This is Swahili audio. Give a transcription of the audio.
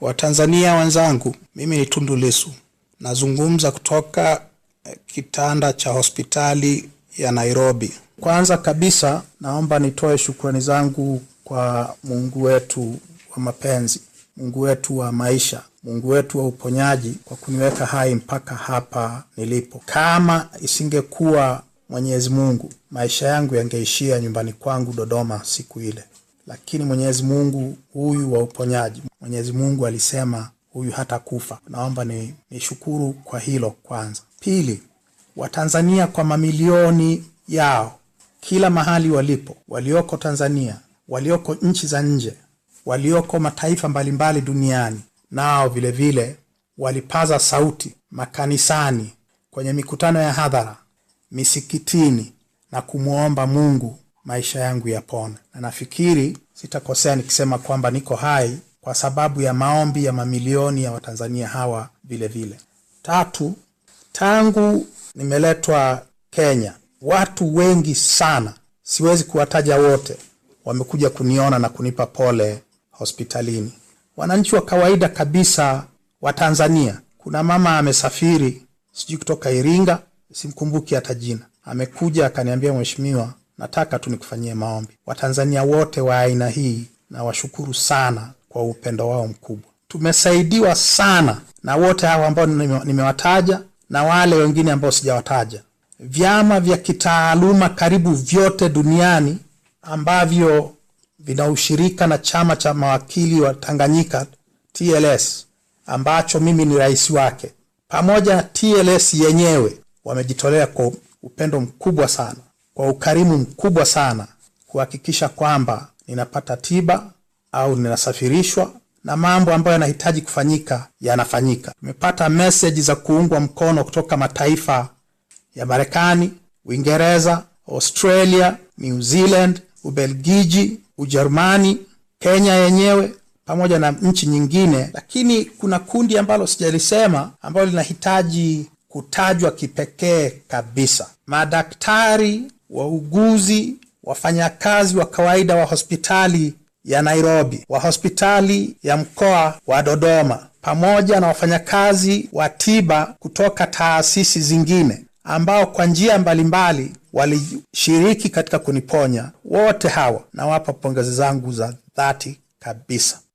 Watanzania wenzangu, mimi ni Tundu lisu nazungumza kutoka eh, kitanda cha hospitali ya Nairobi. Kwanza kabisa, naomba nitoe shukrani zangu kwa Mungu wetu wa mapenzi, Mungu wetu wa maisha, Mungu wetu wa uponyaji kwa kuniweka hai mpaka hapa nilipo. Kama isingekuwa Mwenyezi Mungu, maisha yangu yangeishia nyumbani kwangu Dodoma siku ile lakini Mwenyezi Mungu huyu wa uponyaji, Mwenyezi Mungu alisema huyu hata kufa. Naomba ni shukuru kwa hilo kwanza. Pili, Watanzania kwa mamilioni yao kila mahali walipo, walioko Tanzania, walioko nchi za nje, walioko mataifa mbalimbali duniani, nao vilevile vile, walipaza sauti makanisani, kwenye mikutano ya hadhara, misikitini na kumwomba Mungu maisha yangu yapona na nafikiri sitakosea nikisema kwamba niko hai kwa sababu ya maombi ya mamilioni ya Watanzania hawa vile vile. Tatu, tangu nimeletwa Kenya, watu wengi sana, siwezi kuwataja wote, wamekuja kuniona na kunipa pole hospitalini. Wananchi wa kawaida kabisa wa Tanzania. Kuna mama amesafiri, sijui kutoka Iringa, simkumbuki hata jina, amekuja akaniambia, mweshimiwa nataka tu nikufanyie maombi. Watanzania wote wa aina hii nawashukuru sana kwa upendo wao mkubwa. Tumesaidiwa sana na wote hawa ambao nimewataja na wale wengine ambao sijawataja. Vyama vya kitaaluma karibu vyote duniani ambavyo vinaushirika na chama cha mawakili wa Tanganyika TLS, ambacho mimi ni rais wake, pamoja na TLS yenyewe wamejitolea kwa upendo mkubwa sana kwa ukarimu mkubwa sana kuhakikisha kwamba ninapata tiba au ninasafirishwa na mambo ambayo yanahitaji kufanyika yanafanyika. tumepata meseji za kuungwa mkono kutoka mataifa ya Marekani, Uingereza, Australia, New Zealand, Ubelgiji, Ujerumani, Kenya yenyewe pamoja na nchi nyingine, lakini kuna kundi ambalo sijalisema ambalo linahitaji kutajwa kipekee kabisa, madaktari wauguzi, wafanyakazi wa kawaida wa hospitali ya Nairobi, wa hospitali ya mkoa wa Dodoma, pamoja na wafanyakazi wa tiba kutoka taasisi zingine ambao kwa njia mbalimbali walishiriki katika kuniponya. Wote hawa nawapa pongezi zangu za dhati kabisa.